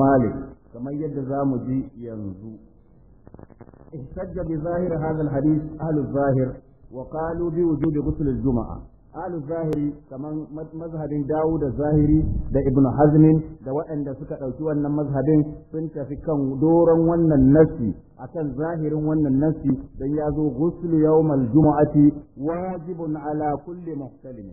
مالك كما يد زامجي ينزو احتج بظاهر هذا الحديث أهل الظاهر وقالوا بوجود غسل الجمعة أهل الظاهر كما مذهب داود الظاهري دا ابن حزم دا وأن دا سكا أوتوا أن مذهب سنت في كان دورا وأن النفس أكان ظاهر وأن النفس دا يازو غسل يوم الجمعة واجب على كل محتلم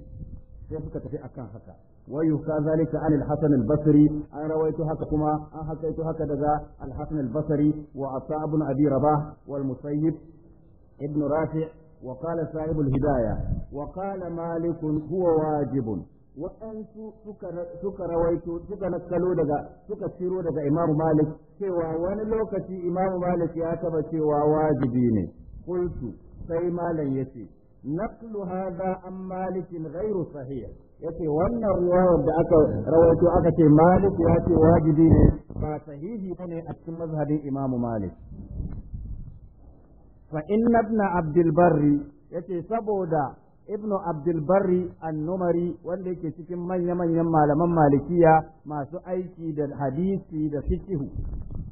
سيفكت في أكان akan ويحكى ذلك عن الحسن البصري أنا رويت هكما أن حكيت هكذا الحسن البصري وعطاء بن أبي رباح والمسيب ابن رافع وقال صاحب الهداية وقال مالك هو واجب waɗansu suka rawaito suka nakalo daga suka ciro daga imamu malik cewa wani lokaci imamu malik ya taba cewa wajibi ne kultu sai malam yace naqlu haza an malikin ghairu sahih yace wannan riwayar da aka rawaito aka ce malik ya ce wajibi ne ba sahihi bane a cikin mazhabin imamu malik fa inna ibn abdul barri yace saboda ibnu abdulbarri annumari wanda yake cikin manya-manyan malaman malikiya masu aiki da hadisi da fikihu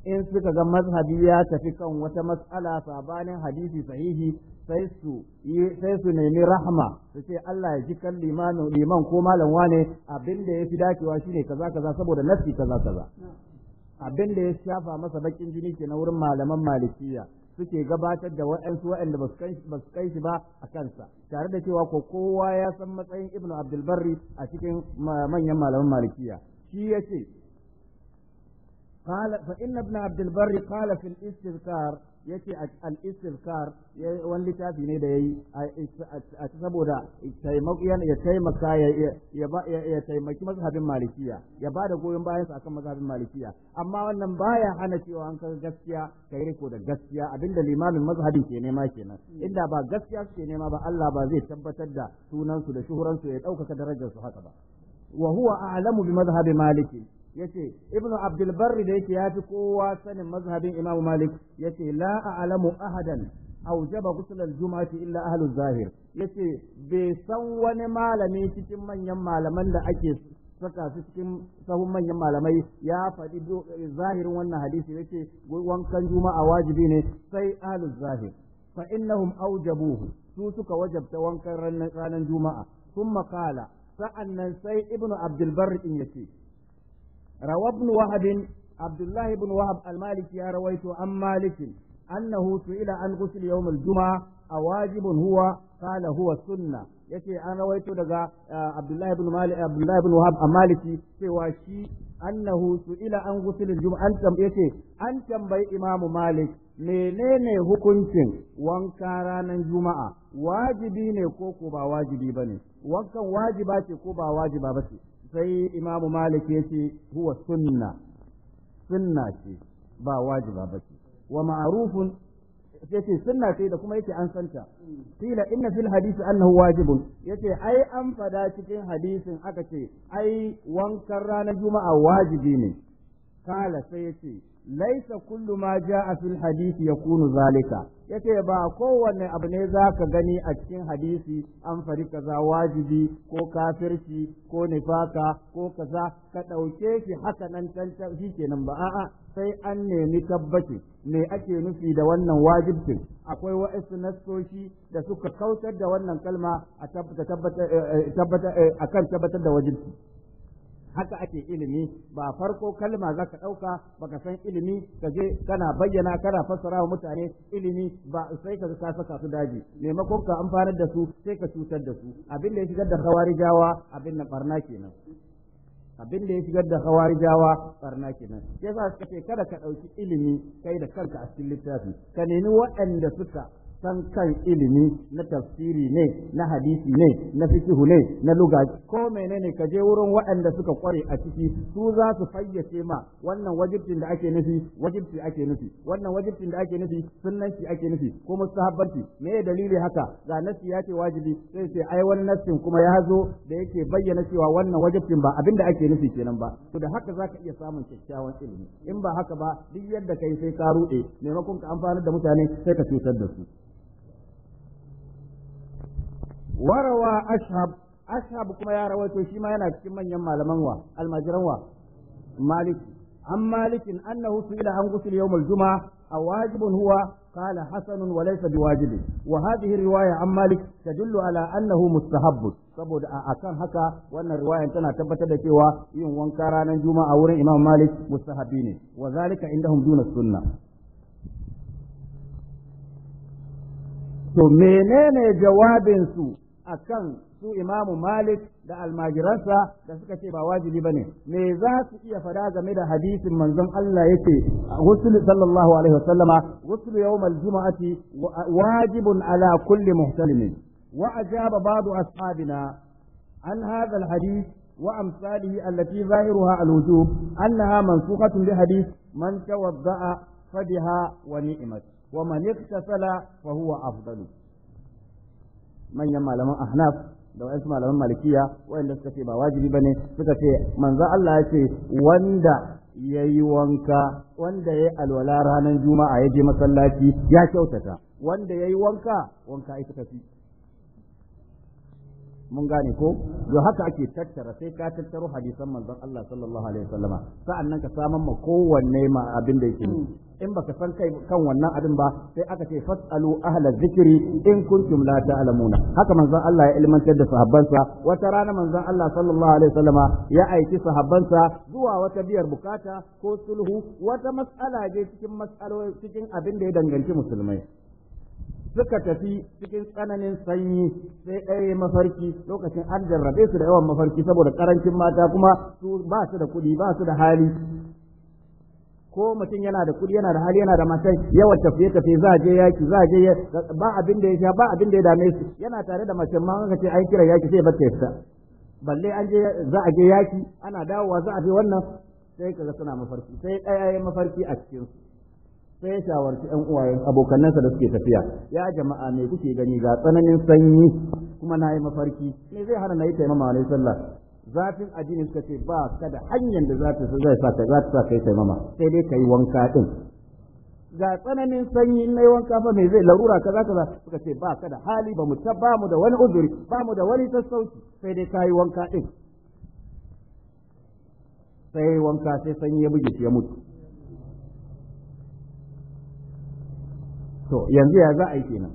in suka ga mazhabi ya tafi kan wata mas'ala sabanin hadisi sahihi sai su sai su nemi rahma su ce Allah ya ji kan liman ko malam wane abin da yafi dacewa shine kaza kaza saboda nafsi kaza kaza abin ya shafa masa bakin jini ke na wurin malaman malikiya suke gabatar da waɗansu waɗanda ba su kai shi ba a kansa tare da cewa ko kowa ya san matsayin ibnu abdulbarri a cikin manyan malaman malikiya shi ya ce قال ibnu ابن عبد kala قال yace al-istighfar wani littafi ne da yayi saboda ya taimaka ya taimaki mazhabin malikiya ya bada goyon bayan sa akan mazhabin malikiya amma wannan baya hana cewa an ka gaskiya kai riko da gaskiya abinda limamin mazhabin ke nema kenan inda ba gaskiya suke nema ba Allah ba zai tabbatar da sunansu da shuhuransu ya ɗaukaka darajarsu haka ba wa huwa a'lamu bi mazhabi maliki yace ibn abdul barri da yake fi kowa sanin mazhabin imam malik yace la a'lamu ahadan aujaba ghusl al-jum'ati illa ahlu zahir yace bai san wani malami cikin manyan malaman da ake saka su cikin sahun manyan malamai ya faɗi zahirin wannan hadisi yace wankan juma'a wajibi ne sai ahlu zahir fa innahum su suka wajabta wankan ranar juma'a makala sa'an nan sai ibnu abdul barri din yace روى ابن وهب عبد الله بن وهب المالكي رويت عن مالك أنه سئل عن غسل يوم الجمعة أواجب هو قال هو السنة yace an rawaito daga Abdullahi ibn Malik Abdullahi ibn Wahab Maliki cewa shi annahu su'ila an ghusl al-jum'a an yace an tambayi Imam Malik menene hukuncin wanka ranar juma'a wajibi ne ko ko ba wajibi bane wankan wajiba ce ko ba wajiba bace sai imamu malik ya ce huwa sunna sunna ce ba wajiba ba ce wa ma'arufun yace sunna ce da kuma yake an santa kila inna fil hadisi annahu wajibun yace ai an fada cikin hadisin aka ce ai wankan ranar juma'a wajibi ne kala sai yace laisa kullu ma ja'a fil hadisi yakunu zalika yace ba kowanne abu ne za ka gani a cikin hadisi an fari kaza wajibi ko kafirci ko nifaka ko kaza ka ɗauke shi haka nan can shi kenan ba a'a sai an nemi tabbaci me ake nufi da wannan wajibcin akwai wa'isu nassoshi da suka kautar da wannan kalma a tabbatar eh, eh, eh, akan tabbatar da wajibcin. haka ake ilimi ba farko kalma za ka ɗauka ba ka san ilimi ka je kana bayyana kana fassara wa mutane ilimi ba sai ka ka saka su daji maimakon ka amfanar da su sai ka cutar da su abin da ya shigar da jawa abin na barna kenan abin da ya shigar da hawarijawa barna kenan sai za ce kada ka ɗauki ilimi kai da kanka a cikin littafi ka nemi waɗanda suka san kan ilimi na tafsiri ne na hadisi ne na fikihu ne na luga ko menene ka je wurin waɗanda suka kware a ciki su za su fayyace ma wannan wajibcin da ake nufi wajibci ake nufi wannan wajibcin da ake nufi sunnanci ake nufi ko mustahabbanci me ya dalili haka ga nasi ya ce wajibi sai sai ai wannan nassin kuma ya zo da yake bayyana cewa wannan wajibcin ba abinda ake nufi kenan ba to da haka zaka iya samun kyakkyawan ilimi in ba haka ba duk yadda kai sai ka ruɗe maimakon ka amfanar da mutane sai ka cutar da su warawa ashab ashab kuma ya rawaito shi ma yana cikin manyan malaman wa almajiran wa malik an malikin annahu su'ila an gusul yawmul juma a wajibin huwa qala hasanun wa laysa biwajibin wa hadhihi riwaya an malik tadullu ala annahu mustahabb saboda a kan haka wannan riwayan tana tabbatar da cewa yin wanka ranar juma'a wurin imam malik mustahabi ne Wazalika zalika indahum duna sunna to menene jawabin su akan su imamu malik da almajiransa da suka ce ba wajibi ba ne me za su iya fada game da hadisin manzon Allah yake husul sallallahu alaihi wasallama husul yawmal jumu'ati wajibun ala kulli muhtalimin wa ajaba ba'du ashabina an hadha alhadith وأمثاله التي ظاهرها الوجوب أنها منسوخة بحديث Wa توضأ فبها ونعمت ومن اغتسل فهو أفضل manyan malaman ahnaf da wasu malaman malikiya wanda suka ce ba wajibi ba ne suka ce manzo Allah ya ce wanda yi wanka wanda ya yi alwala ranar juma'a ya je masallaci ya kyautata wanda ya yi wanka wanka ita tafi mun gane ko yau haka ake tattara sai ka tattaro hadisan manzon Allah sallallahu alaihi wasallama sa'annan ka saman ma kowanne ma abin da yake in baka san kai kan wannan abin ba sai aka ce fasalu ahla zikri in kuntum la ta'lamuna haka manzon Allah ya ilmantar da sahabbansa wata rana manzon Allah sallallahu alaihi wasallama ya aiki sahabbansa zuwa wata biyar bukata ko sulhu wata mas'ala je cikin mas'alolin cikin abin da ya danganci musulmai suka tafi cikin tsananin sanyi sai ɗaya mafarki lokacin an jarrabe su da yawan mafarki saboda ƙarancin mata kuma su ba su da kuɗi ba su da hali ko mutum yana da kuɗi yana da hali yana da matan yawan tafiye tafiye za a je yaki za a je ba abin da ya sha ba abin da ya dame su yana tare da mace ma aka ce an kira yaki sai bace ta balle an je za a je yaki ana dawowa za a je wannan sai kaga suna mafarki sai ɗaya mafarki a cikin su sai ya shawarci ɗan uwayen abokannansa da suke tafiya ya jama'a me kuke gani ga tsananin sanyi kuma na yi mafarki me zai hana na yi taimama wani sallah zafin addini suka ce ba ka da hanyar da za ta zai sa ka za ta sa kai taimama sai dai ka yi wanka ɗin. ga tsananin sanyi na yi wanka fa me zai larura kaza kaza suka ce ba ka da hali ba mu ta ba mu da wani uzuri ba mu da wani sassauci sai dai ka yi wanka ɗin sai wanka sai sanyi ya buge shi ya mutu to yanzu ya za a yi kenan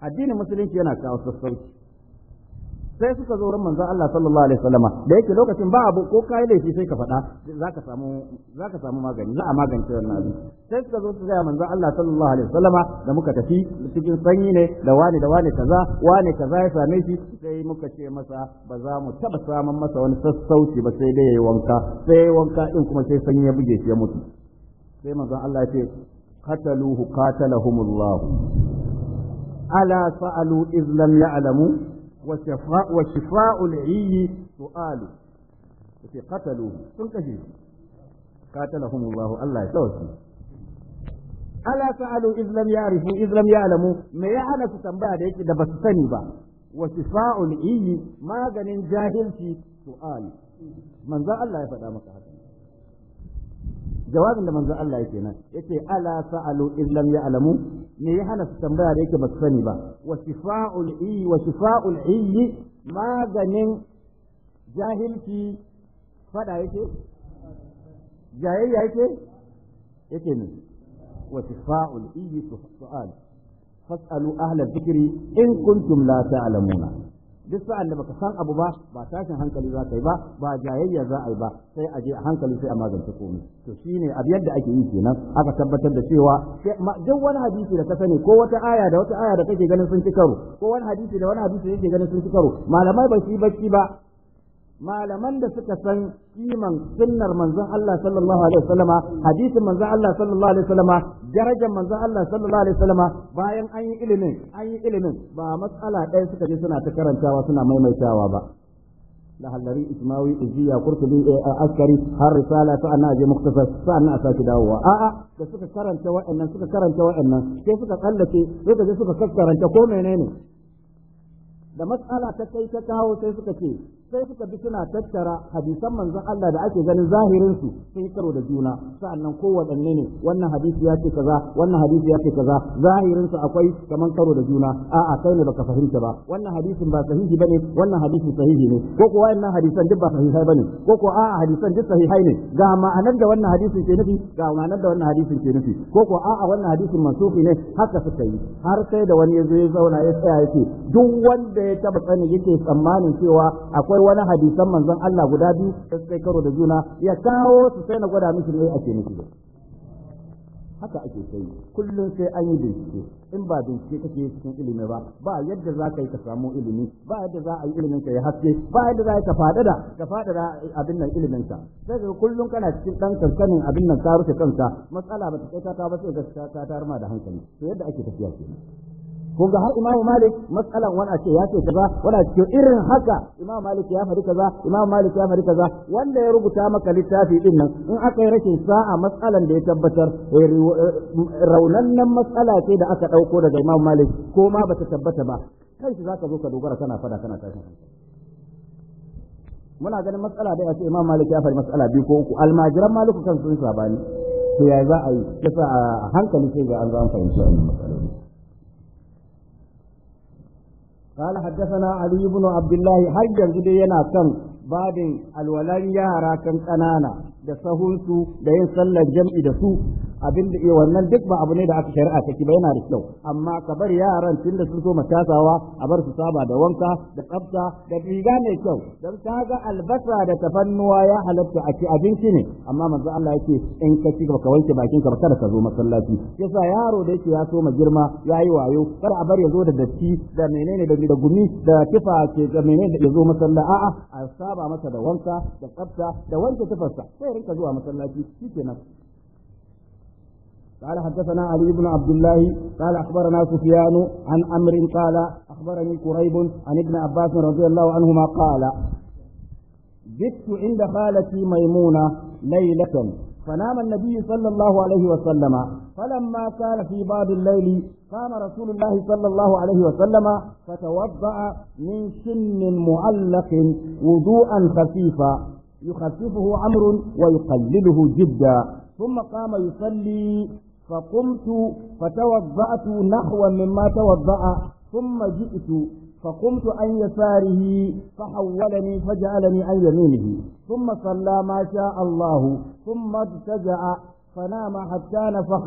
addinin musulunci yana kawo sassauci sai suka zo wurin manzon Allah sallallahu alaihi wasallama da yake lokacin ba abu ko kai laifi sai ka faɗa zaka samu zaka samu magani za a magance wannan abin sai suka zo su ga manzon Allah sallallahu alaihi wasallama da muka tafi cikin sanyi ne da wani da wani kaza wani kaza ya same shi sai muka ce masa ba za mu taba saman masa wani sassauci ba sai dai yayi wanka sai wanka din kuma sai sanyi ya buge shi ya mutu sai manzon Allah ya ce qataluhu qatalahumullahu ala sa'alu iz lam wa shifa'ul su'alu sai qataluhu sun kashe qatalahumullahu Allah ya sauke ala sa'alu iz me ya su tambaya da yake da basu sani ba wa shifa'ul maganin jahilci su'alu manzo Allah ya faɗa maka jawabin da manzon Allah yake nan yace ala sa'alu in lam ya'lamu me ya hana su tambaya da yake ba su sani ba wa shifa'ul i wa shifa'ul i maganin jahilci fada yake jayayya yake yake ne wa shifa'ul i su'al fas'alu ahla dhikri in kuntum la ta'lamuna duk sa'an da baka san abu ba ba tashin hankali za ka yi ba ba jayayya za a yi ba sai a je a hankali sai a magance komai to shine abu yadda ake yi kenan aka tabbatar da cewa duk wani hadisi da ka sani ko wata aya da wata aya da kake ganin sun ci karo ko wani hadisi da wani hadisi da kake ganin sun ci karo malamai ba su yi bacci ba malaman da suka san kiman sunnar manzon Allah sallallahu alaihi wasallama hadisin manzon Allah sallallahu alaihi wasallama darajar manzon Allah sallallahu alaihi wasallama bayan an yi ilimin an yi ilimin ba matsala ɗaya suka je suna ta karantawa suna maimaitawa ba lahallari ismawi iziya kurtubi eh, eh, askari har risala ta anna je muktasar sa'anna a saki dawowa a'a da suka karanta wa'annan suka karanta wa'annan sai suka tsallake suka je suka karanta ko menene da matsala ta kai ta kawo sai suka ce sai suka bi suna tattara hadisan manzon Allah da ake ganin zahirin su sun karo da juna sa'annan kowanne ne wannan hadisi ya ce kaza wannan hadisi ya ce kaza zahirin su akwai kaman karo da juna a'a kai ne baka fahimta ba wannan hadisin ba sahihi bane wannan hadisin sahihi ne ko ko wannan hadisan duk ba sahihai bane ko ko a'a hadisan duk sahihai ne ga ma'anar da wannan hadisin ke nufi ga ma'anar da wannan hadisin ke nufi ko ko a'a wannan hadisin mansufi ne haka suka yi har sai da wani ya zo ya zauna ya tsaya ce duk wanda ya taba sani yake tsammanin cewa akwai akwai wani hadisan manzon Allah guda biyu da sai karo da juna ya kawo su sai na gwada miki ne ake miki haka ake sai kullum sai an yi bincike in ba bincike kake cikin ilimi ba ba yadda za ka yi ka samu ilimi ba yadda za a yi ilimin ka ya haske ba yadda za ka fadada ka fadada abin nan ilimin ka sai ga kullum kana cikin dan kankanin abin nan ka rufe kanka matsala ba ta kai ta ba sai ga ta tarma da hankali to yadda ake tafiya kenan kun ga har imamu malik matsalan wani ake ce ya ce kaza wani ake ce irin haka imamu malik ya faɗi kaza imamu malik ya faɗi kaza wanda ya rubuta maka littafi din nan in aka yi rashin sa'a matsalan da ya tabbatar eh, eh, raunannen matsala ce da aka ɗauko daga imamu malik ko ma bata tabbata ba kai kanshi zaka zo ka dogara kana fada kana tashi muna ganin matsala da ya ce imamu malik ya faɗi matsala biyu ko uku almajiran maliku kan sun sabani to ya za a yi kisa a hankali sai ga an za an fahimci wannan matsala قال حدثنا علي بن عبد الله حجر زدي ينا كم babin alwalar yara kan ƙanana da sahunsu da yin sallar jam'i da su abin da iya wannan duk ba abu ne da aka shari'a take ba yana da kyau amma ka bar yaran tunda sun so matasawa a bar su saba da wanka da tsafta da riga mai kyau dan ka ga albasa da tafannuwa ya halatta a ci abinci ne amma manzo Allah yake in ka ci ka wanke bakin ka kada ka zo masallaci yasa yaro da yake ya so ma girma yayi wayo kar a bar ya zo da datti da menene da da gumi da kifa ke da menene da ya zo masallaci a'a a saba masa da wanka da tsafta da wanke tufarsa sai rinka zuwa masallaci shikenan قال حدثنا علي بن عبد الله قال أخبرنا سفيان عن أمر قال أخبرني كريب عن ابن عباس رضي الله عنهما قال بت عند خالتي ميمونة ليلة فنام النبي صلى الله عليه وسلم فلما كان في بعض الليل قام رسول الله صلى الله عليه وسلم فتوضأ من سن معلق وضوءا خفيفا يخففه عمرو ويقلله جدا ثم قام يصلي فقمت فتوضأت نحو مما توضأ ثم جئت فقمت عن يساره فحولني فجعلني عن يمينه ثم صلى ما شاء الله ثم ابتدع فنام حتى نفخ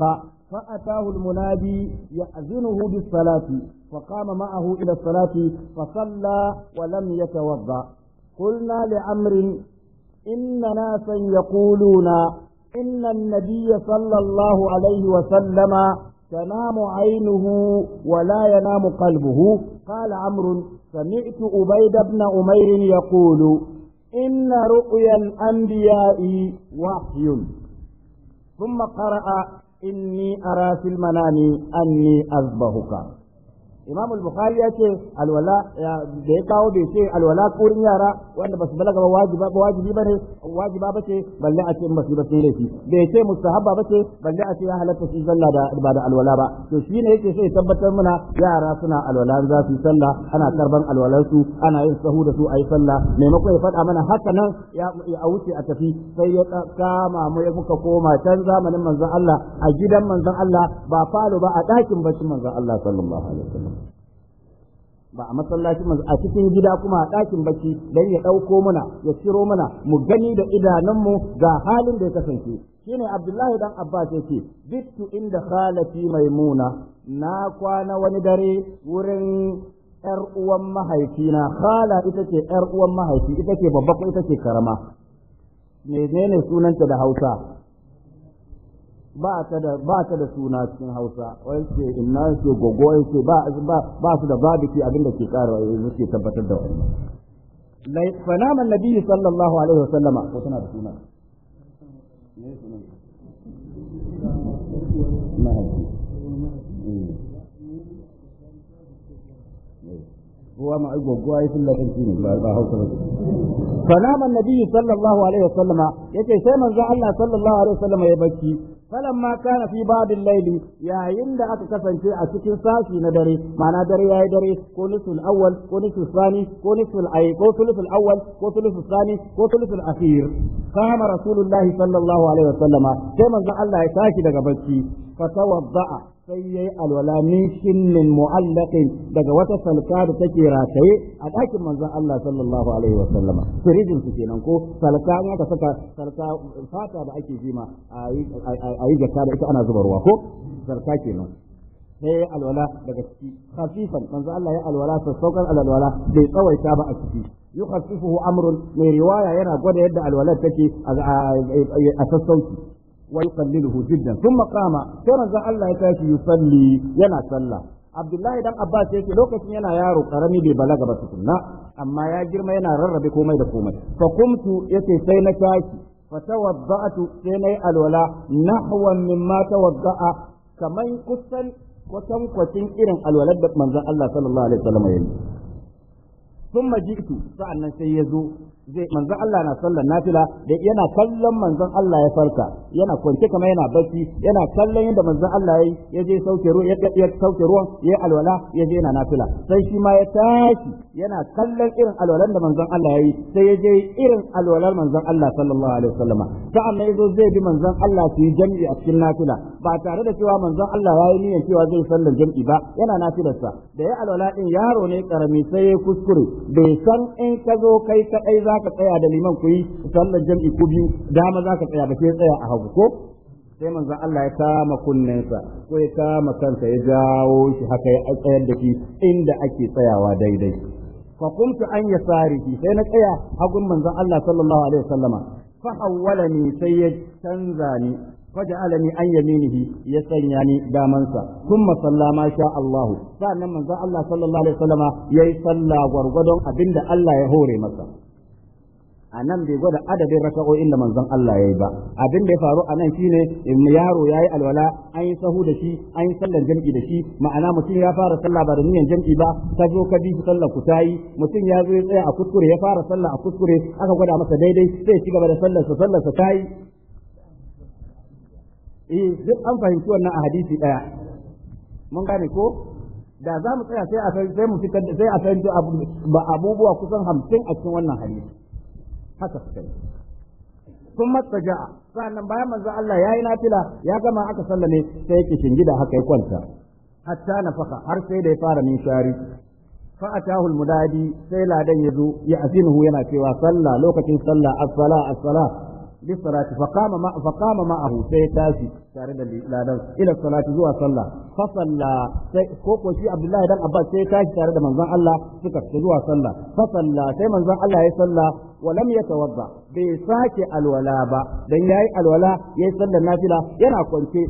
فأتاه المنادي يأذنه بالصلاة فقام معه إلى الصلاة فصلى ولم يتوضأ قلنا لعمر إن ناسا يقولون إن النبي صلى الله عليه وسلم تنام عينه ولا ينام قلبه قال عمرو سمعت أبيد بن أمير يقول إن رؤيا الأنبياء وحي ثم قرأ إني أرى في المنام أني أذبحك imam al-bukhari ya ce alwala da ya kawo bai ce alwala kurin yara wanda basu balaga ba wajiba ba wajibi bane wajiba bace balle a ce in basu ba sai laifi bai ce mustahabba bace balle a ce ya halatta su sallah da ba da alwala ba to shine yake sai tabbatar muna yara suna alwala za su sallah ana karban alwalan su ana yin sahu da su ayi sallah maimakon ya faɗa mana haka nan ya a wuce a tafi sai ya kama mu ya muka koma can zamanin manzon Allah a gidan manzon Allah ba falo ba a ɗakin bacin manzon Allah sallallahu alaihi wasallam ba a masallaci manzo a cikin gida kuma a ɗakin baki dan ya ɗauko mana ya ciro mana mu gani da idanunmu ga halin da ya kasance shine Abdullahi dan Abbas yake bittu inda khalati maimuna na kwana wani dare wurin ‘yar uwan mahaifina, khala ita ce ‘yar uwan mahaifi, ita ce babba ko ita ce karama, menene sunanta da Hausa? ba ta da suna cikin Hausa wai ce inna ce gogo wai ce ba su da babiki abin da ke karawa yanzu ke tabbatar da wani fanaman nabi sallallahu alaihi wasallama ko tana da suna eh. Eh. ne sunan هو ما يقول إلا تنسيني فنام النبي صلى الله عليه وسلم يكي سيما الله صلى الله عليه وسلم يبكي falamma kana fi babin laili yayin da aka kasance a cikin sashi na dare ma'ana dare yayi dare ko nisul awal ko nisul sani ko nisul ay ko thuluthul awwal ko thuluthul sani ko thuluthul akhir kama rasulullah sallallahu alaihi wasallam sai manzon Allah ya tashi daga bacci fa sai yi alwala min shillin mu'allaqin daga wata salka da take rataye a ɗakin manzon Allah sallallahu alaihi wa sallama firijin su kenan ko salka an aka saka salka fata da ake jima a yi jaka da ita ana zuba ruwa ko salka kenan sai ya alwala daga ciki khafifan manzo Allah ya alwala sassaukar alwala bai tsawaita ba a ciki yukhaffifuhu amrun mai riwaya yana gwada yadda alwalar take a sassauki ويقلله جدا ثم قام كان الله يتاشي يصلي ينا صلى عبد الله دم عباس يتي لوكتين ينا يارو قرمي بي بلغ بسكنا أما يا جرم ينا ررب كومي دا كومي فقمت يتي سينا تاشي فتوضأت سيني الولا نحو مما توضأ كمن كسن وكم كسن إرن الولا من الله صلى الله عليه وسلم يلي ثم جئت فأنا سيزو zai manzon Allah na sallar nafila da yana kallon manzon Allah ya farka yana kwance kama yana bacci yana kallon yadda manzon Allah yayi ya je sauke ruwa ya sauke ruwan ya alwala ya je yana nafila sai shi ma ya tashi yana kallon irin alwalan da manzon Allah yayi sai ya je irin alwalar manzon Allah sallallahu alaihi wasallama sa'an nan yazo zai bi manzon Allah su yi jami'i a cikin nafila ba tare da cewa manzon Allah yayi niyyar cewa zai sallar jami'i ba yana nafilarsa da ya alwala din yaro ne karami sai ya kuskure bai san in ka zo kai kadai za ka tsaya da liman ku yi sallar jam'i ku biyu dama za ka tsaya ba sai tsaya a hagu ko sai manzon Allah ya kama kunnensa ko ya kama kansa ya jawo shi haka ya tsayar da shi inda ake tsayawa daidai fa kuntu an yasarihi sai na tsaya hagun manzon Allah sallallahu alaihi wasallama fa awwalani sai ya canza ni فجعلني عن يمينه يسنياني دامنسا sha صلى ما nan الله Allah sallallahu Alaihi wasallama yayi عليه وسلم يصلى abinda Allah ya hore masa. a nan bai gwada adadin raka'o'in da manzon Allah ya yi ba abin da ya faru a nan shine yaro ya yi alwala an yi sahu da shi an yi sallar jam'i da shi ma'ana mutum ya fara sallah ba da niyan jam'i ba ta zo ka bi sallar ku tayi mutum ya zo ya tsaya a kuskure ya fara sallah a kuskure aka gwada masa daidai sai ya ci gaba da sallar sa sallar sa tayi eh duk an fahimci wannan a hadisi daya mun gane ko da za mu tsaya sai a sai mu fitar sai a fahimci abubuwa kusan hamsin a cikin wannan hadisi haka suka yi sun sa'an sa'annan bayan manzo Allah ya yi nafila ya gama aka sallame sai yake shingida haka ya kwanta hatta faka har sai da ya fara minshari fa atahu almunadi sai ladan ya zo ya asinu yana cewa sallah lokacin sallah Asala Asala. للصلاه فقام ما فقام معه سيتاسي تارد لادن الى الصلاه زوا صلى فصلى كوكو شي عبد الله بن عباس سي تاسي تارد من زان الله سكا زوا صلى فصلى سي من زان الله يصلى ولم يتوضا بساك الولا با دن ياي الولا ياي صلى النافلة ينا كونتي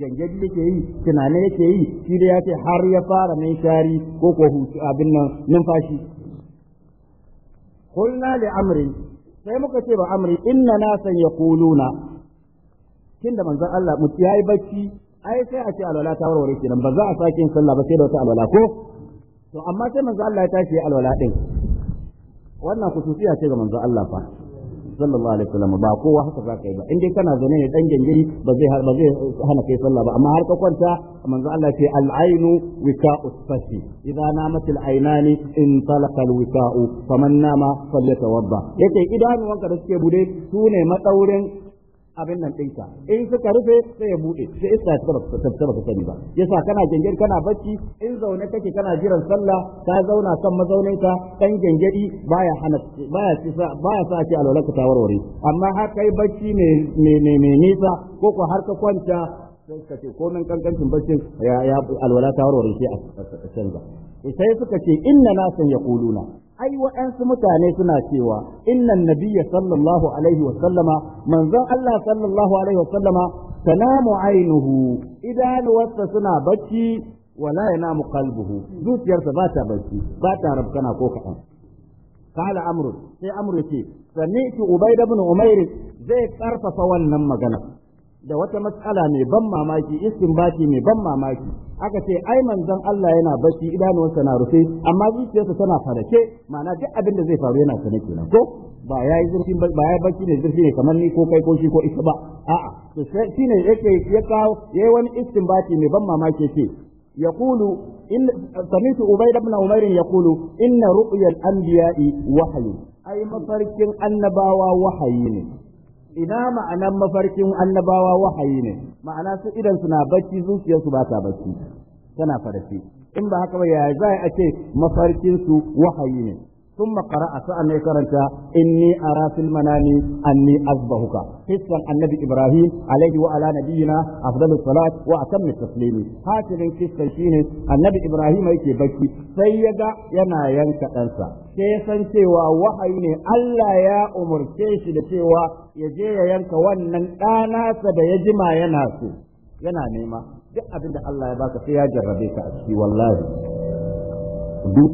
gangan yake yi tunanin yake yi shi da ya ce har ya fara mai shari ko ko abin nan numfashi قلنا لعمر sai muka ce ba amri inna nasan yaquluna da manzon Allah mutu yayi bacci ai sai a ce alwala ta warware kenan ba za a sake yin sallah ba sai da wata alwala ko to amma sai manzon Allah ya tashi alwala din wannan kususiya ce ga manzo Allah fa sallallahu alaihi wasallam ba kowa haka za ka yi ba in dai kana zaune ne dan gangiri ba zai ba zai hana kai sallah ba amma har ka kwanta manzo Allah ce al-ainu wika'u safi idza namat al-aynani in talaqa al-wika'u faman nama falyatawadda yake wanka da suke bude su ne madaurin abin nan ɗinka in suka rufe sai ya buɗe sai iska ta taba ka sani ba yasa kana gengen kana bacci in zaune kake kana jiran sallah ka zauna kan ka dan gengedi baya hana baya sa baya sa ki alwala ka tawarware amma har kai bacci ne ne nisa ko ko har ka kwanta sai ka ce komin kankancin baccin ya alwala tawarware sai a canza sai suka ce inna nasan yaquluna ai wa'ansu mutane suna cewa innan nabiyya sallallahu alaihi wa sallama manzon Allah sallallahu alaihi wa sallama tanamu ainihu. idanuwarsa suna bacci wala yanamu qalbuhu zuciyarsa ba ta bacci ba ta rabkana ko kaɗan قال عمرو سي عمرو يتي سمعت عبيد بن عمير زي قرفف wannan magana da wata matsala mai ban mamaki istinbati mai ban mamaki aka ce ai manzon Allah yana bacci idanuwarsa na rufe amma zuciyarsa tana farake ma'ana duk abin da zai faru yana sane kenan ko ba ya yi zurfi ba ya bacci ne zurfi ne kamar ni ko kai ko shi ko ita ba a'a to sai shine yake ya kawo yayi wani istinbati mai ban mamaki yake yaqulu إن ibn عبيد بن عمير يقول إن anbiyai الأنبياء Ai mafarkin Annabawa wahayi ne. ina ma'anan mafarkin annabawa wahayi ne ma'ana su idan suna bacci zuciyarsu ba ta bacci tana farasi in ba haka ba ya za a ce mafarkin su wahayi ne ثم قرأ سأل كرنت إني أرى في المنام أني أذبحك قصة النبي إبراهيم عليه وعلى نبينا أفضل الصلاة وأتم التسليم هكذا قصة شيني النبي إبراهيم يكي بكي سيدا ينا ينكا أنسى sai cewa wahayi ne Allah ya umarce shi da cewa ya je ya yanka wannan ɗanasa da ya jima yana so yana nema duk abin da Allah ya baka sai ya jarrabe ka a ciki wallahi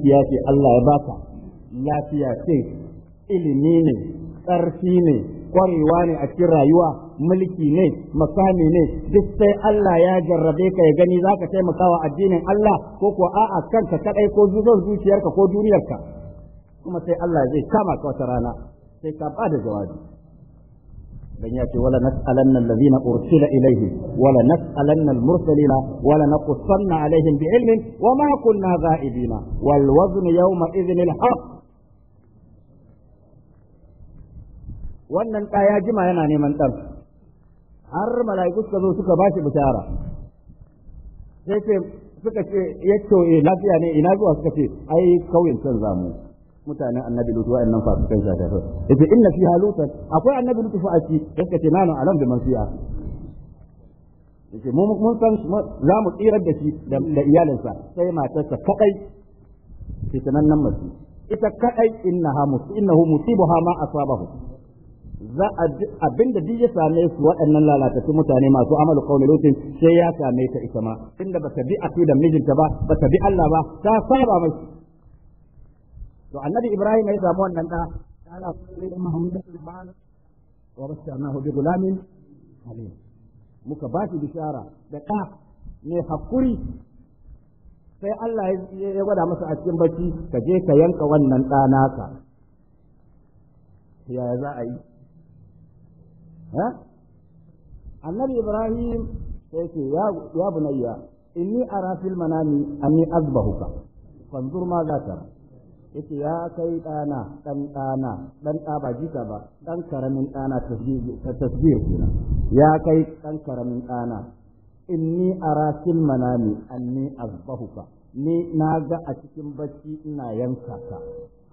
ya ce Allah ya baka lafiya ce ilimi ne ƙarfi ne kwarewa ne a cikin rayuwa mulki ne makami ne duk sai Allah ya jarrabe ka ya gani zaka taimakawa addinin Allah ko ko a'a kanka kadai ko zuzon zuciyarka ko duniyarka kuma sai Allah zai kama ka wata rana sai ka bada jawabi dan ya ce wala nas'alanna alladhina ursila ilayhi wala nas'alanna al-mursalina wala naqussanna alaihim bi ilmin wa ma kunna ghaibina wal wazn yawma idhin haqq wannan ɗa ya jima yana neman ɗan har mala'iku suka zo suka ba shi bishara sai ce suka ce ya ce eh, lafiya ne ina zuwa suka ce ai kauyen can zamu mutanen annabi lutu wa'annan fasikan shafafa yace inna fi halutan akwai annabi lutu fa'ati suka ce nanu alam bi mansiya yace mu mun san za mu tsirar da shi da iyalinsa sai matarsa kadai ce nan nan mace ita kadai innaha musu innahu musibuha ma asabahu za a abinda duk ya same su waɗannan lalatattu mutane masu amal qaumi lutin sai ya same ta ita ma inda baka bi da mijinta ba baka bi Allah ba ta saba mai to annabi Ibrahim ya samu wannan da قال أصلي معهم دخل وبشرناه gulamin? عليم muka ba shi bishara da ka ne hakuri sai Allah ya gwada masa a cikin bacci ka je ka yanka wannan ɗana ka yaya za a yi annabi ibrahim sai ce ya bunayya inni ara fil manami anni azbahuka fanzur ma za ta yake ya kai dana dan dana dan da ba jika ba dan karamin dana tasbir kenan ya kai dan karamin dana inni ara fil manami anni azbahuka ni na ga a cikin bacci ina yanka ka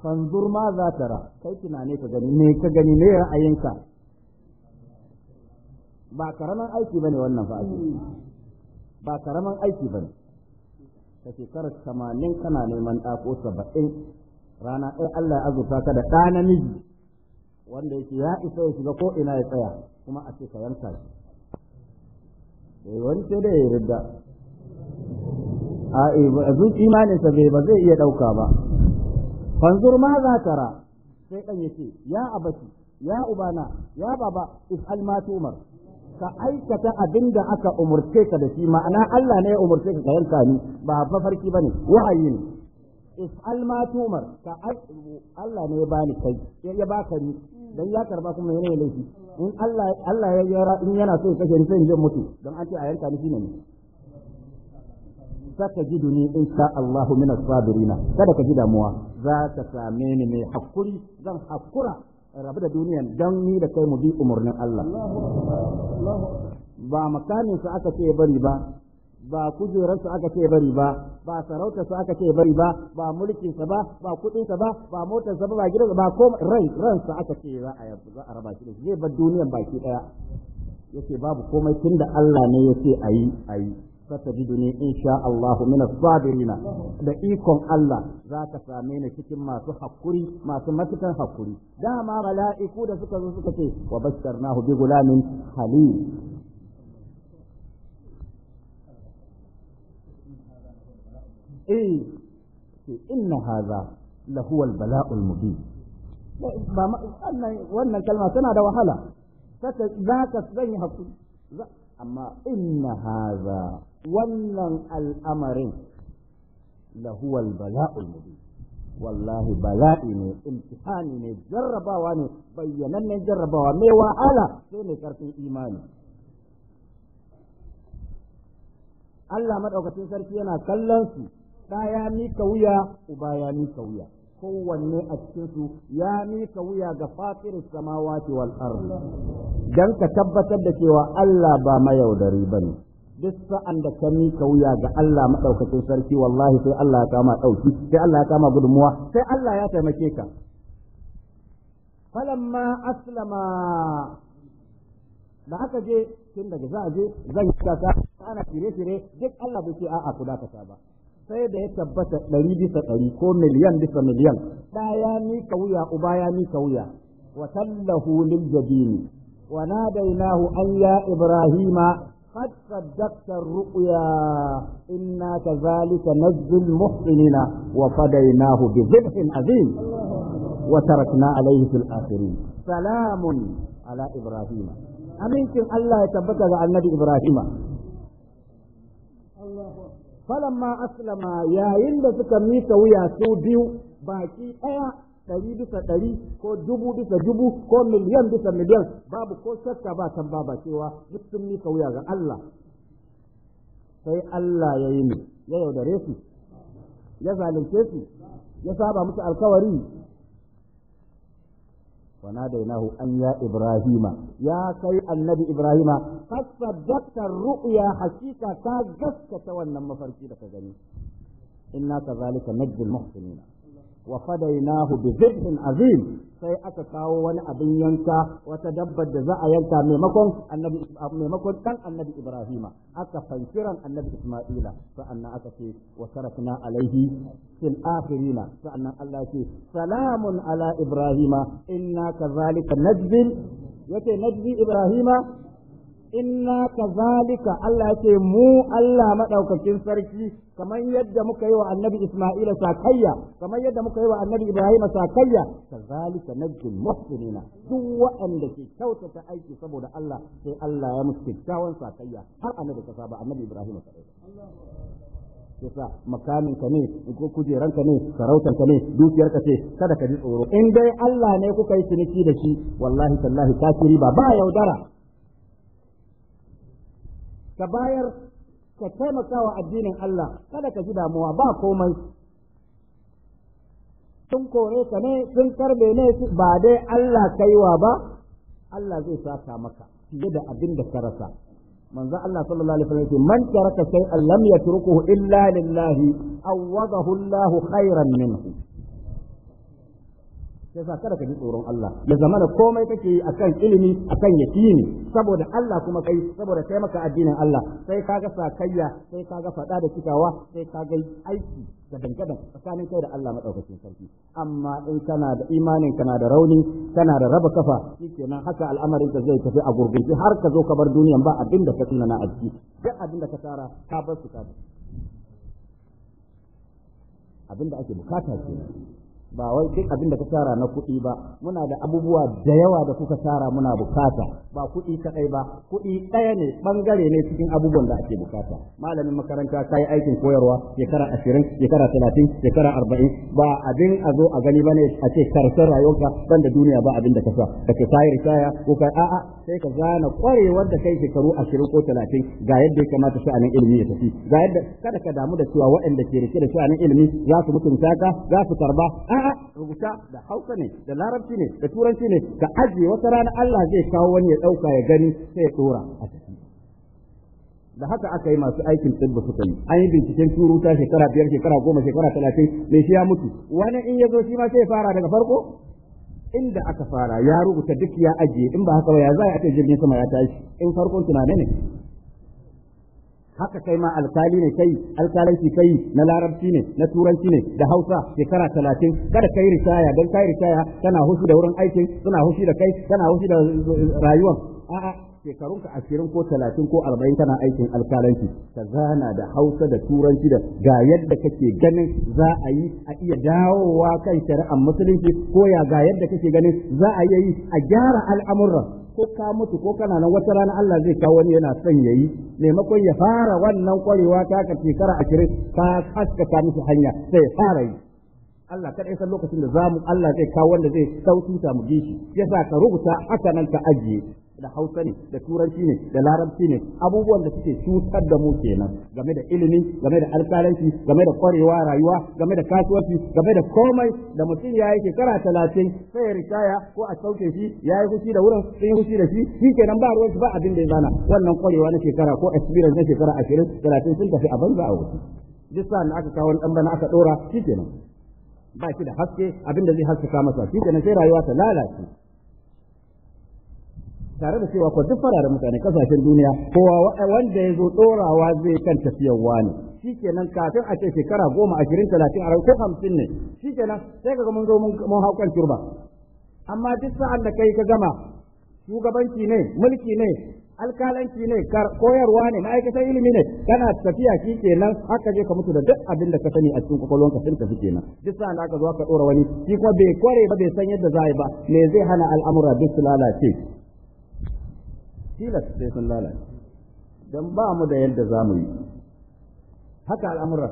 fanzur ma za ta ra kai tunane ka gani ne ka gani ne ra'ayinka ba karaman aiki bane wannan fa hmm. ba karaman aiki bane ta shekarar tamanin kana neman ɗa ko saba'in rana ɗaya Allah ya azurta ka da ɗa namiji wanda yake ya isa ya shiga ko ina ya tsaya kuma a ce ka yanka shi wani sai da ya yarda a zuci imaninsa bai ba zai iya ɗauka ba fanzur ma za ta ra sai ɗan ya ce ya abati ya ubana ya baba if'al ma ka aikata abin da aka umurce ka da shi ma'ana Allah ne ya umurce ka ka yanka ni ba mafarki bane wa'ayi ne is'al ma tumar ka Allah ne ya bani kai ya baka ni dan ya karba kuma yana laifi in Allah Allah ya yara in yana so ya kashe ni sai in mutu dan an ce a yanka ni shine ne saka jiduni sha Allahu min as-sabirina kada ka ji damuwa za ka same ni mai hakuri zan hakura rabu da duniyan don ni da kai mu bi umarnin Allah ba makamin su aka ce bari ba ba kujerarsa aka ce bari ba ba sarautarsa aka ce bari ba ba mulkinsa ba ba kuɗinsa ba ba motarsa ba ba gidansa ba ko rai ransa aka ce za a za a raba shi da zai bar duniyan baki daya yace babu komai tun da Allah ne ya yi, ayi ayi فتجدني إن شاء الله من الصابرين بإيكم الله ذاك سامين شكم ما تحقري ما سمتك حقري دام ملائكو دا سكر سكتي وبشرناه بغلام حليم إيه إن هذا لهو البلاء المبين wannan kalma tana da wahala za ka hakuri amma inna haza wannan al'amarin lahuwal bala'ul mubi wallahi bala'i ne imtihani ne jarrabawa ne bayyanannen jarrabawa mai wahala sai mai karfin imani Allah maɗaukacin sarki yana kallon su ɗaya ya mika wuya uba ya mika wuya kowanne a cikinsu ya mika wuya ga fatirin samawati wal ardi dan ka tabbatar da cewa Allah ba mayaudari ba ne duk sa'an da ka mika wuya ga Allah maɗaukacin sarki wallahi sai Allah ya kama ɗauki sai Allah ya kama gudunmuwa sai Allah ya taimake ka falamma aslama da aka je tun daga za a je zan kasa ana shirye-shirye duk Allah bai ce a'a ku dakata ba sai da ya tabbata ɗari bisa ɗari ko miliyan bisa miliyan ɗa ya mika wuya uba ya mika wuya wa tallahu lil jabini wa nadainahu an ya ibrahima قد صدقت الرؤيا إنا كذلك نجزي المحسنين وفديناه بذبح عظيم وتركنا عليه في الآخرين سلام على إبراهيم أمنكم الله يتبكى على النبي إبراهيم الله falamma aslama yayin da suka mika wuya su biyu baki ɗaya ɗari bisa ɗari ko dubu bisa dubu ko miliyan bisa miliyan babu ko shakka ba san ba cewa duk sun mika wuya ga Allah sai Allah ya yi ne ya yaudare su ya zalunce su ya saba musu alkawari وناديناه أن يا إبراهيم يا كي النبي إبراهيم قد صدقت الرؤيا حقيقة كاغسك تولى مفركي لك إنا كذلك نجزي المحسنين wa fadainahu bi zibhin azim sai aka kawo wani abin yanka wata dabbar da za a yanka maimakon annabi maimakon dan annabi Ibrahima aka fankiran annabi Isma'ila sa'annan aka ce wa tarakna alaihi fil akhirina sa'annan Allah ce salamun ala Ibrahima inna kazalika najzil yace najbi Ibrahima inna kazalika Allah ce mu Allah madaukakin sarki kamar yadda muka yi wa annabi Isma'ila sakayya kamar yadda muka yi wa annabi Ibrahim sakayya kazalika najjul muhsinina duk waɗanda ke kyautata aiki saboda Allah sai Allah ya musu kyakkyawan sakayya har annabi ka saba annabi Ibrahim sakayya. yasa makamin ka ne ko kujeran ka ne sarautar ka ne dukiyar ka ce kada ka ji tsoro in dai Allah ne kuka yi ciniki da shi wallahi tallahi kafiri ba ba yaudara ka bayar ka taimaka wa addinin Allah kada ka ji damuwa ba komai sun kore ka ne sun karbe ne ba dai Allah kaiwa ba Allah zai saka maka fiye da abin da ka rasa manzo Allah sallallahu alaihi wasallam yake man taraka shay'an lam yatrukuhu illa lillahi awadahu Allahu khairan minhu sa kada ka ji tsoron Allah da zamana komai kake akan ilimi akan yakini saboda Allah kuma kai saboda kai maka addinin Allah sai ka ga sakayya sai ka ga fada da cikawa sai ka ga aiki da dangadan tsakanin kai da Allah madaukakin sarki amma in kana da imanin kana da rauni kana da raba kafa shikenan haka al'amarin ka zai tafi a gurgurci har ka zo ka bar duniyan ba abin da ka tunana na aji duk abin da ka tsara ka bar su ka abin da ake bukata kenan ba wai duk abin da ka tara na kuɗi ba muna da abubuwa da yawa da kuka tara muna bukata ba kuɗi kaɗai ba kuɗi ɗaya ne ɓangare ne cikin abubuwan da ake bukata malamin makaranta yi aikin koyarwa shekara ashirin shekara talatin shekara arba'in ba abin a zo a gani bane a ce karshen rayuwarka ban da duniya ba abin da ka sa ka ce kayi ritaya ko kai a'a sai ka gane kwarewar da kai shekaru ashirin ko talatin ga yadda ya kamata sha'anin ilimi ya tafi ga yadda kada ka damu da cewa waɗanda ke rike da sha'anin ilimi za su mutunta ka za su karba a'a rubuta da hausa ne da larabci ne da turanci ne ka ajiye wata rana Allah zai kawo wani ya ɗauka ya gani sai ya tsora a ciki da haka aka yi masu aikin tsibba suka yi an yi binciken turuta shekara biyar shekara goma shekara talatin mai shi ya mutu wani in ya zo shi ma sai ya fara daga farko inda aka fara ya rubuta duk ya ajiye in ba haka ba ya za a ce jirgin sama ya tashi in farkon tunane ne haka kai ma alkali ne kai alkalanci kai na larabci ne na turanci ne da hausa shekara talatin kada kai ritaya don kai ritaya kana hushi da wurin aikin suna hushi da kai kana hushi da rayuwar a'a shekarunka ashirin ko talatin ko arba'in kana aikin alkalanci ka zana da hausa da turanci da ga yadda kake ganin za a yi a iya dawowa kan shari'ar musulunci ko ya ga yadda kake ganin za a yi a gyara al'amuran ko ka mutu ko kana nan wata rana Allah zai kawo wani yana son yayi maimakon ya fara wannan kwarewa ta ka shekara ashirin ka haskaka musu hanya sai fara yi Allah kada san lokacin da zamu Allah zai kawo wanda zai saututa mu gishi yasa ka rubuta haka nan ka ajiye da hausa ne da turanci ne da larabci ne abubuwan da suke cutar da mu kenan game da ilimi game da alƙalanci game da kwarewa rayuwa game da kasuwanci game da komai da mutum ya yi shekara talatin sai ya ritaya ko a sauke shi ya yi hushi da wurin sun yi hushi da shi shi kenan ba ruwan ba abin da ya zana wannan kwarewa na shekara ko experience na shekara ashirin talatin sun tafi a banza a wuce duk sa'an aka kawo wani ɗan bana aka ɗora shi kenan ba shi da haske abin da zai haskaka masa shi kenan sai rayuwa ta lalace tare da cewa ko duk fararen mutane kasashen duniya kowa wanda ya zo dorawa zai kan tafiyar wani shikenan kafin a ce shekara goma ashirin talatin a ko hamsin ne shikenan sai ka ga mun zo mun hau kan turba amma duk sa'an da kai ka gama shugabanci ne mulki ne alkalanci ne koyarwa ne ma'aikatan ilimi ne kana tafiya shi kenan haka je ka mutu da duk abin da ka sani a cikin kwakwalwar ka sun tafi kenan duk sa'an da aka zo aka dora wani shi kuma bai kware ba bai san yadda za a yi ba me zai hana al'amura duk su lalace tilas sai sun lalace don ba mu da yadda za mu yi haka al'amura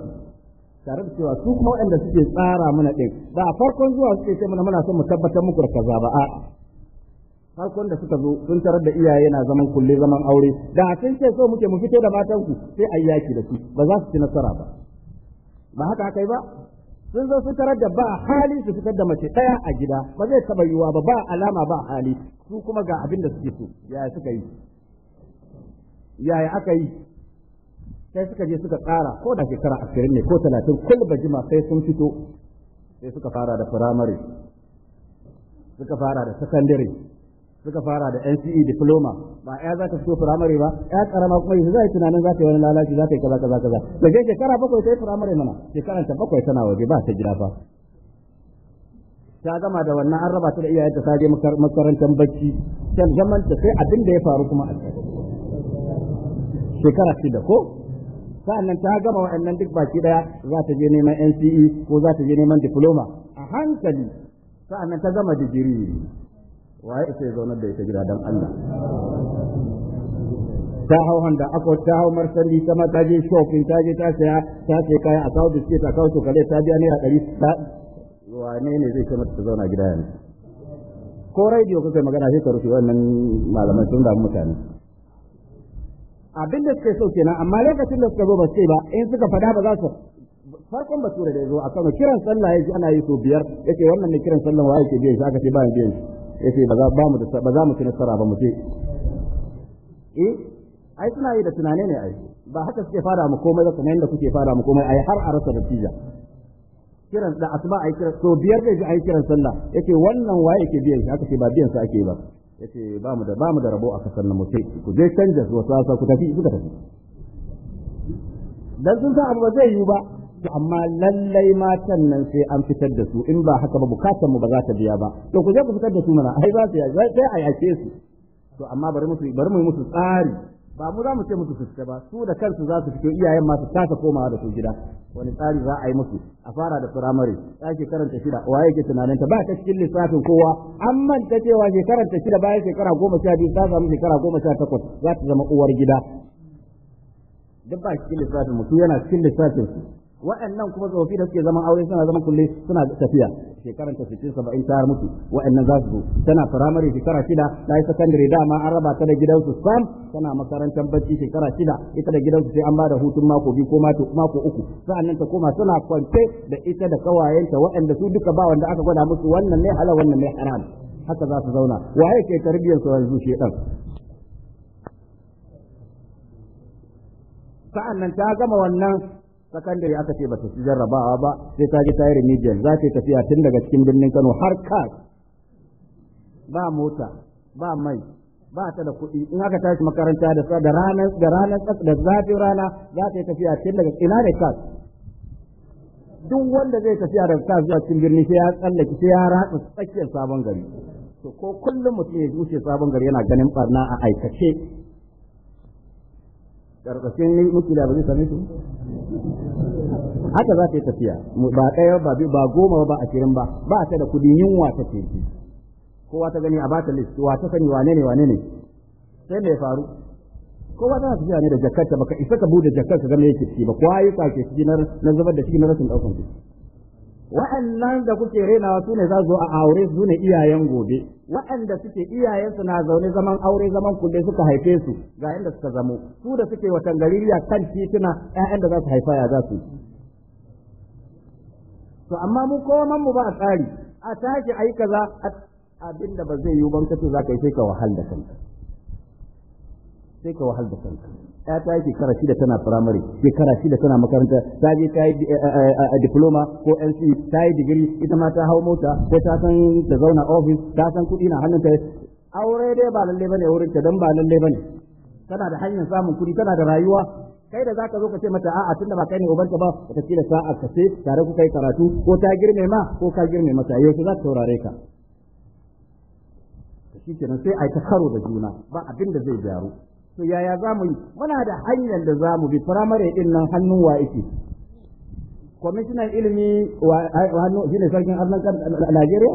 tare da cewa su kuma waɗanda suke tsara mana ɗin ba farkon zuwa suke ce mana muna son mu tabbatar muku da kaza ba a'a farkon da suka zo sun tarar da iyaye na zaman kulle zaman aure da sun ce so muke mu fito da matan ku sai a yaki da su ba za su ci nasara ba ba haka aka ba sun zo sun tarar da ba hali su fitar da mace ɗaya a gida ba zai taɓa yiwuwa ba ba alama ba hali su kuma ga abin da suke so yaya suka yi yaya aka yi sai suka je suka tsara ko da shekara ashirin ne ko talatin kul bajima sai sun fito sai suka fara da firamare suka fara da sakandare suka fara da NCE diploma ba ya za ka fito firamare ba ya karama kuma yanzu za yi tunanin za ta yi wani lalaci za ta yi kaza kaza kaza da shekara bakwai sai firamare mana shekaranta bakwai tana waje ba ta gida fa ta gama da wannan an raba ta da iyayenta ta je makarantar bacci can zaman ta sai abin da ya faru kuma a shekara shida ko sa'annan ta gama wa'annan duk baki daya za ta je neman NCE ko za ta je neman diploma a hankali sa'annan ta gama digiri waye sai zaunar da ita gida dan Allah ta hau handa ako ta hau marsandi ta ma ta je shopping ta je ta saya ta sai kaya a kawo biskit a kawo cokale ta biya naira ɗari wane ne zai ce mata ta zauna gida yanzu ko radio kuka magana sai ka rufe wannan malamai sun damu mutane abin da suka so kenan amma lokacin da suka zo ba su ba in suka fada ba za su farkon bature da zo a kano kiran sallah ya ji ana yi so biyar yace wannan ne kiran sallah wa yake biyan shi aka ce ba biyan shi ya ba za mu ba za mu ci nasara ba mu ce eh ai suna yi da tunane ne ai ba haka suke fara mu komai ba kamar yadda kuke fara mu komai ai har a rasa natija kiran da asuba ai kiran so biyar da ai kiran sallah yace wannan waye yake biyan shi aka ce ba biyan sa ake ba yace ba mu da ba mu da rabo a kasar mu sai ku je canja zuwa sa ku tafi ku tafi dan sun san abu ba zai yi ba to amma lallai matan nan sai an fitar da su in ba haka ba bukatar mu ba za ta biya ba to ku je ku fitar da su mana ai za su ya sai a yace su to amma bari mu bari mu musu tsari ba mu za mu ce musu su fita ba su da kansu za su fito iyayen masu tasa komawa da su gida wani tsari za a yi musu a fara da firamare ta shekarar ta shida waye ke tunanin ta ba ta cikin lissafin kowa an manta cewa shekarar ta shida bayan shekara goma sha biyu ta samu shekara goma sha takwas za ta zama uwar gida duk ba cikin lissafin mutu yana cikin lissafin waɗannan kuma tsofi da suke zaman aure suna zaman kulle suna tafiya shekaran ta 60 70 ta mutu waɗannan za su tana firamare shekara shida na yi sakandare ma an raba ta da gidansu sam tana makarantar bacci shekara shida ita da gidansu sai an ba da hutun mako biyu ko mako uku sa'annan ta koma suna kwance da ita da kawayenta Wa'anda su duka ba wanda aka gwada musu wannan ne halal wannan ne haram haka za su zauna waye ke tarbiyyar su yanzu shedan sa'annan ta gama wannan sakandare aka ce ta ci jarrabawa ba sai ta ji ta yi remedial za ta tafiya tun daga cikin birnin Kano har kas ba mota ba mai ba ta da kuɗi in aka tashi makaranta da da ranar da ranar da zafin rana za ta tafiya tun daga ina da kas duk wanda zai tafiya daga kas zuwa cikin birni sai ya tsallake sai ya ratsa tsakiyar sabon gari to ko kullum mutum ya wuce sabon gari yana ganin barna a aikace karkashin nukiliya ba zai same su haka za ta yi tafiya ba ɗaya ba biyu ba goma ba ashirin ba ba ta da kudin yunwa ta ce kowa ta gani a bata list wa ta sani wane ne wane ne sai me faru kowa tana tafiya ne da jakarta baka isa ka bude jakar ka ga me yake ciki ba yi kwake ciki na zubar da ciki na rashin ɗaukan ciki wa'annan da kuke renawa su ne za zo a aure su ne iyayen gobe wa'anda suke iyayensu na zaune zaman aure zaman kulle suka haife su ga inda suka zamo su da suke watan gari kan tituna ƴaƴan da za su haifa ya za su to amma mu koman mu ba a tsari a tashi ayi kaza da ba zai yiwu ban kace ka yi sai ka wahal da kanka sai ka wahal da kanka ya ta yake kara shida tana firamare shekara shida tana makaranta ta je ta yi eh, eh, eh, diploma ko nc ta yi digiri ita ma ta hau mota ko ta san ta zauna ofis ta san kuɗi na hannunta aure dai ba lalle bane wurin ta dan ba lalle bane tana da hanyar samun kuɗi tana da rayuwa kai da zaka zo ka ce mata a'a tunda ba kai ne ubanka ba tafi da sa'a ka ce tare ku kai karatu ko ta girme ma ko ka girme mata yau za ta taurare ka shi kenan sai a yi ta karo da juna ba abin da zai gyaru to yaya za mu yi muna da hanyar da za mu bi firamare din nan hannun wa yake kwamishinan ilimi wa hannu shi ne sarkin arnan Najeriya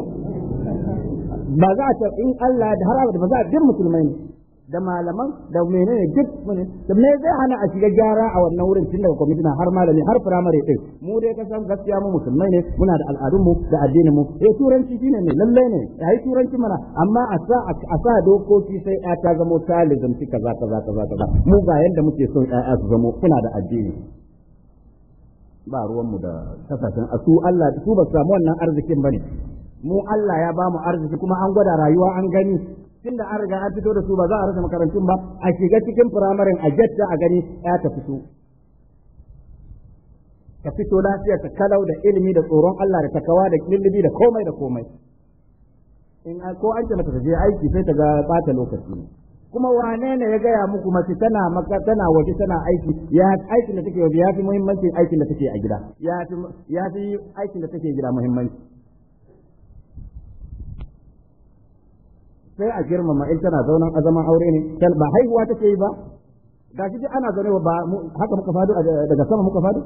ba za a in Allah da har abada ba za a bin musulmai ne da malaman da menene duk mene da me zai hana a shiga gyara a wannan wurin tun daga kwamitina har malami har firamare din mu dai ka san gaskiya mu musulmai ne muna da mu da addinin mu eh turanci shine ne lallai ne ai turanci mana amma a sa a sa dokoki sai ya ta zamo ta ci kaza kaza kaza kaza mu ga yanda muke son ya su zamo kuna da addini ba ruwanmu da kasashen a su Allah su ba su samu wannan arzikin bane mu Allah ya ba mu arziki kuma an gwada rayuwa an gani tun da an riga an fito da su ba za a rasa makarantun ba a shiga cikin firamarin a jatta a gani ya ta fito ka fito lafiya ta kalau da ilimi da tsoron Allah da takawa da ilimi da komai da komai in ko an ce mata ta je aiki sai ta ga bata lokaci ne kuma wane ne ya gaya muku mace tana maka tana waje tana aiki ya aiki da take waje ya fi muhimmanci aikin da take a gida ya fi aikin da take gida muhimmanci sai a girmama in tana zaunan a zama aure ne ba haihuwa take yi ba ga shi ana zaune ba haka muka fado daga sama muka fado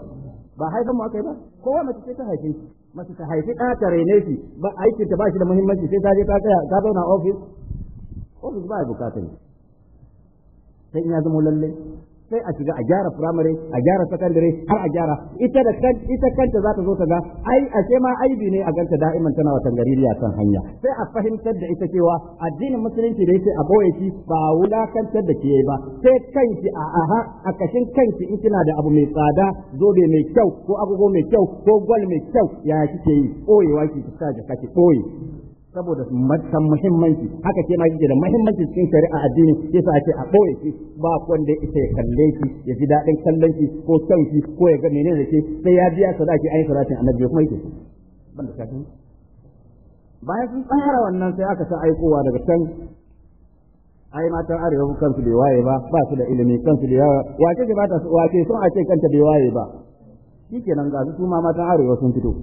ba haifan mu aka yi ba kowa mace ce ta haife shi mace ta haifi ta ta rene shi ba aikin ta ba shi da muhimmanci sai ta je ta tsaya ta zauna ofis ofis ba ya bukata ne sai in ya zama lalle sai a shiga a gyara firamare a gyara sakandare har a gyara ita da kan ita kanta za ta zo ta ga ai a ce ma aibi ne a ganta da'iman tana watan gaririya kan hanya sai a fahimtar da ita cewa addinin musulunci da yake a boye shi ba wulakantar da ke ba sai kanki a aha a kashin kanki in kina da abu mai tsada zobe mai kyau ko agogo mai kyau ko gwal mai kyau ya kike yi boyewa ki ta jaka ki boye saboda matan muhimmanci haka ce ma yake da muhimmanci cikin shari'a addini sai sa ake a boye shi ba wanda yake kalle shi ya ji daɗin kallon shi ko son shi ko ya ga menene yake sai ya biya sadaki ayi salatin annabi kuma yake banda bayan sun tsara wannan sai aka sa aikowa daga can ai matan arewa kansu bai waye ba ba su da ilimi kansu bai waye wace ce ba ta wace sun a ce kanta bai waye ba shikenan ga su ma matan arewa sun fito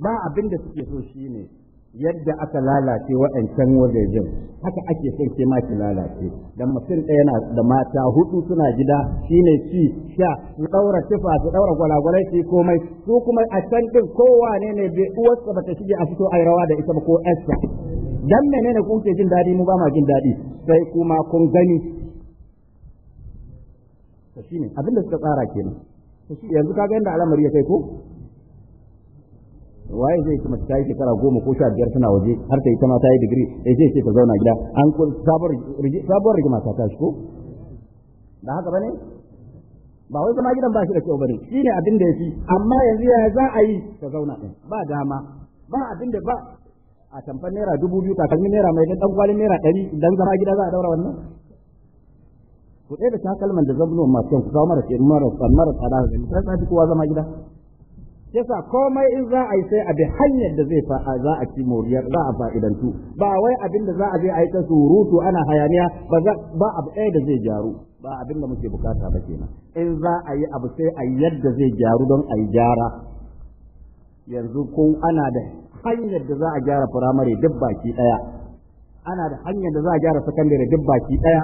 ba abin da suke so shine yadda aka lalace waɗancan wajejin haka ake son ke ma ki lalace da mutum ɗaya na da mata hudu suna gida shine ci sha su ɗaura tufa su ɗaura gwalagwalai su komai su kuma a can ɗin kowane ne bai uwarsa bata shige a fito ai rawa da ita ba ko ƴarsa dan menene ku kuke jin daɗi mu ba ma jin daɗi sai kuma kun gani to shine abin da suka tsara kenan yanzu kaga yanda al'amari ya kai ko waye zai ce mace ta yi shekara goma ko sha biyar tana waje har ta yi ta ta yi digiri sai zai ce ta zauna gida an sabuwar rigima ta tashi ko ba haka bane ba wai zama gidan ba shi da kyau bane shine abin da yafi amma yanzu ya za a yi ta zauna din ba dama ba abin da ba a tamfan naira dubu biyu takalmin naira mai dan kwalin naira ɗari idan zama gida za a daura wannan ku ɗaya da takalman da zabnuwan masu yanku kawo mara mara tsada da mutane kowa zama gida yasa komai in za a yi sai a bi hanyar da zai za a ci moriya za a fa'idantu ba wai abin da za a je a yi ta surutu ana hayaniya ba ba abu ɗaya da zai gyaru ba abin da muke bukata ba kenan in za a yi abu sai a yadda zai gyaru don a yi gyara yanzu ko ana da hanyar da za a gyara firamare duk baki ɗaya ana da hanyar da za a gyara sakandare duk baki ɗaya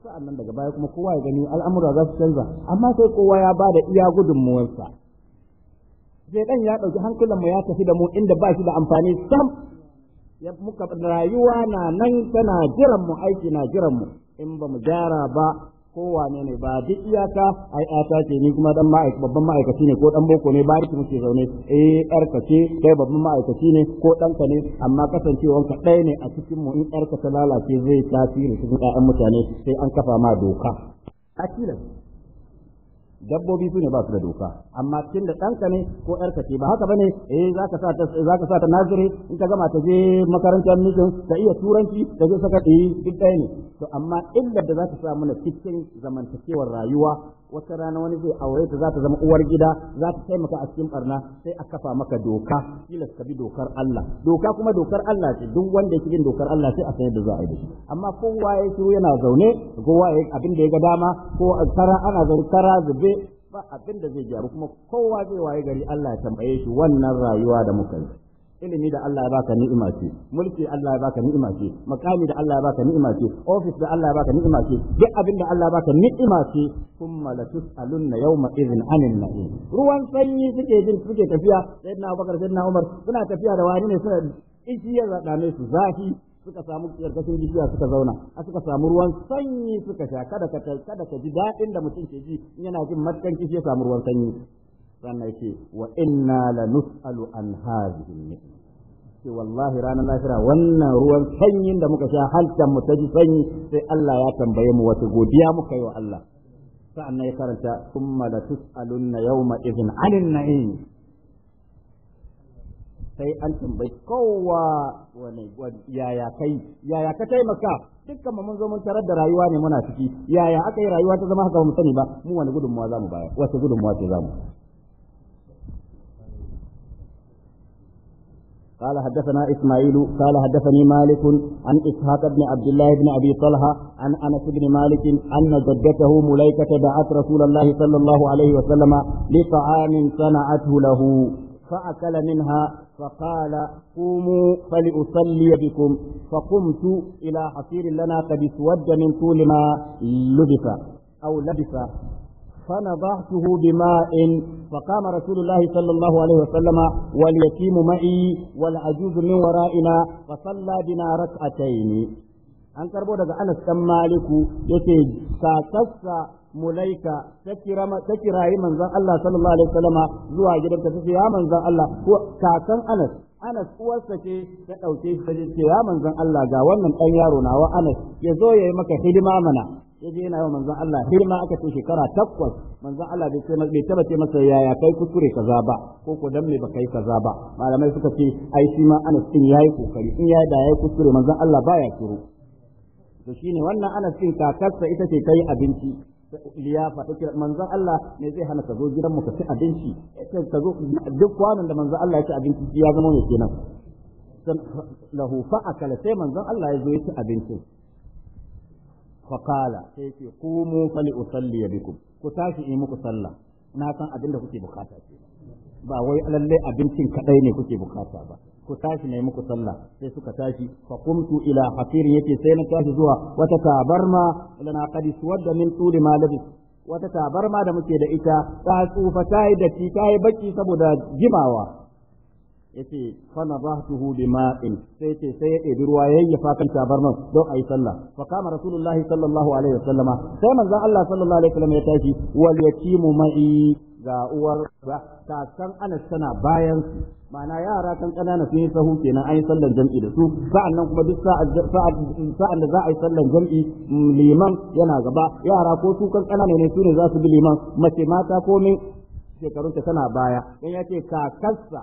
sa'an nan daga baya kuma kowa ya gani al'amura za su canza amma sai kowa ya ba da iya gudunmuwarsa ɗan ya ɗauki hankulanmu ya tafi da mu inda ba shi da amfani sam muka rayuwa na nan tana jiran mu aiki na jiran mu in ba mu gyara ba kowane ne ba duk iyaka ai ata ce ni kuma dan babban ma'aikaci ne ko dan boko ne ba ki muke zaune eh yarka ce kai babban ma'aikaci ne ko ɗanka ne amma kasancewanka ɗaya ne a cikin mu in yarka ta lalace zai tasiri cikin ƴaƴan mutane sai an kafa ma doka dabbobi su ne ba su da doka amma cikin da ɗanka ne ko ƴarka ce ba haka bane eh ka sa ta sa ta naziri in ta gama ta je makarantar mijin ta iya turanci ta je saka ɗi eh, duk ɗaya ne to amma illar da ka sa mana cikin zamantakewar rayuwa wata rana wani zai aure ta za ta zama uwar gida za ta taimaka a cikin barna sai a kafa maka doka tilas ka bi dokar Allah doka kuma dokar Allah ce duk wanda yake bin dokar Allah sai a san da za a yi da shi amma kowa ya shiru yana zaune kowa ya abin da ya ga dama ko a kara ana zaune kara zube ba abin da zai gyaru kuma kowa zai waye gari Allah ya tambaye shi wannan rayuwa da muka yi ilimi da Allah ya baka ni'ima ce mulki Allah ya baka ni'ima ce makami da Allah ya baka ni'ima ce office da Allah ya baka ni'ima ce duk abin da Allah ya baka ni'ima ce kuma la tusalunna yawma idhin anil na'im ruwan sanyi suke jin suke tafiya sayyidina Abubakar sayyidina Umar suna tafiya da wani ne suna ishi ya zaɗa su zafi suka samu karkashin bishiya suka zauna a suka samu ruwan sanyi suka sha kada ka kada ka ji daɗin da mutum ke ji in yana jin matkan kishi ya samu ruwan sanyi sannan yake wa inna la nus'alu an hadhihi ce wallahi ranar lafira wannan ruwan sanyin da muka sha halkan mu ta ji sanyi sai Allah ya tambaye mu wata godiya muka yi wa Allah sa'annan ya karanta thumma la tus'alunna yawma idhin 'anil na'im sai an tambayi kowa wani yaya kai yaya ka taimaka dukkan mun zo mun tarar da rayuwa ne muna ciki yaya aka yi rayuwa ta zama haka ba mu sani ba mu wani gudunmuwa zamu bayar wace gudunmuwa ce zamu قال حدثنا إسماعيل قال حدثني مالك عن إسحاق بن عبد الله بن أبي طلحة عن أنس بن مالك أن جدته مليكة دعت رسول الله صلى الله عليه وسلم لطعام صنعته له فأكل منها فقال قوموا فلأصلي بكم فقمت إلى حصير لنا قد اسود من طول ما لبس أو لبس فنضعته بماء فقام رسول الله صلى الله عليه وسلم واليتيم معي والعجوز من ورائنا فصلى بنا ركعتين an karbo daga Anas dan Maliku yace kakarsa mulaika ta kirayi manzon Allah sallallahu alaihi wasallama zuwa gidan ta ce ya manzon Allah ko kakan Anas Anas uwarsa ce ta dauke shi ta ce ya manzon Allah ga wannan dan yaro nawa Anas ya zo yayi maka hidima mana ya je yana yawan manzon Allah hidima aka ce shekara takwas manzon Allah bai ce bai taba ce masa yaya kai kuskure kaza ba ko ko dan me ba kai kaza ba malamai suka ce ai shi ma Anas din yayi kokari in ya da yayi kuskure manzon Allah baya kiro to shine wannan Anas din kakarsa ita ce kai abinci liyafa take manzon Allah ne zai hana ka zo gidan mu ka ci abinci ka zo duk kwanan da manzon Allah ya ci abinci ya zama ne kenan san lahu fa akala sai manzon Allah ya zo ya ci abinci fa qala sai ce qumu fali usalli bikum ku tashi yi muku sallah na san abin da kuke bukata ce ba wai lalle abincin kadai ne kuke bukata ba ku tashi ne muku sallah sai suka tashi fa kumtu ila hafir yace sai na tashi zuwa wata tabarma lana qad suwadda min tuli ma labis wata tabarma da muke da ita ta tsufa ta yi datti ta yi baki saboda jimawa yace fa nadahtuhu bima'in sai ce sai ya ɗebi ruwa ya yayyafa kan tabarman don ayi sallah fa kama rasulullahi sallallahu alaihi wasallama sai manzon Allah sallallahu alaihi wasallam ya tashi wal yatimu ma'i ga uwar ba san ana tana bayan su ma'ana yara kan kanana sun yi sahu kenan an yi sallan jam'i da su sa'an nan kuma duk sa'an da za a yi sallar jam'i liman yana gaba yara ko su kan kanana ne su ne za su bi liman mace mata ko min shekarun ta tana baya dan yace kakarsa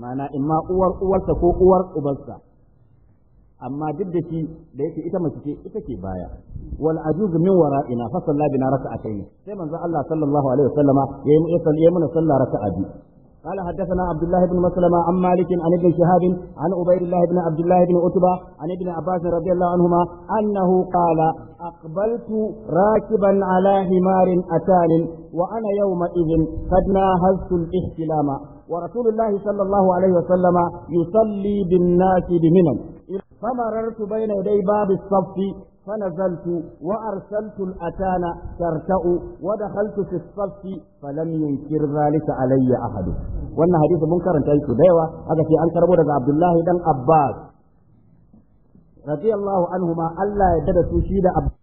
ma'ana imma uwar uwarsa ko uwar ubansa amma duk da shi da yake ita mace ce ita ke baya wal ajuz min wara'ina fa salla bina raka'atayn sai manzo Allah sallallahu alaihi wasallama yayi mana sallah raka'a biyu قال حدثنا عبد الله بن مسلمة عن مالك عن ابن شهاب عن عبيد الله بن عبد الله بن عتبة عن ابن عباس رضي الله عنهما أنه قال أقبلت راكبا على حمار أتان وأنا يومئذ قد ناهزت الاحتلام ورسول الله صلى الله عليه وسلم يصلي بالناس بمنن فمررت بين يدي باب الصف فنزلت وأرسلت الأتان ترتأ ودخلت في الصف فلم ينكر ذلك علي أحد وأن حديث منكر أنت ديوة هذا في أنكر بودة عبد الله بن عباس رضي الله عنهما ألا يدد تشيد عبد